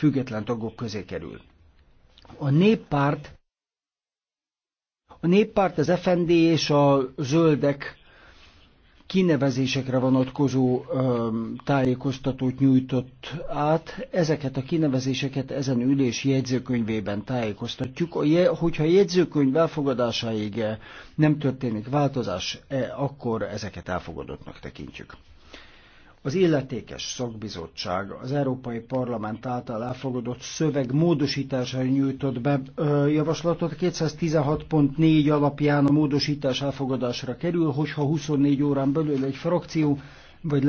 független tagok közé kerül. A néppárt a néppárt, az FND és a zöldek kinevezésekre vonatkozó tájékoztatót nyújtott át. Ezeket a kinevezéseket ezen ülés jegyzőkönyvében tájékoztatjuk. Hogyha a jegyzőkönyv elfogadásáig eh, nem történik változás, eh, akkor ezeket elfogadottnak tekintjük. Az illetékes szakbizottság az Európai Parlament által elfogadott szöveg módosítására nyújtott be ö, javaslatot. 216.4 alapján a módosítás elfogadásra kerül, hogyha 24 órán belül egy frakció vagy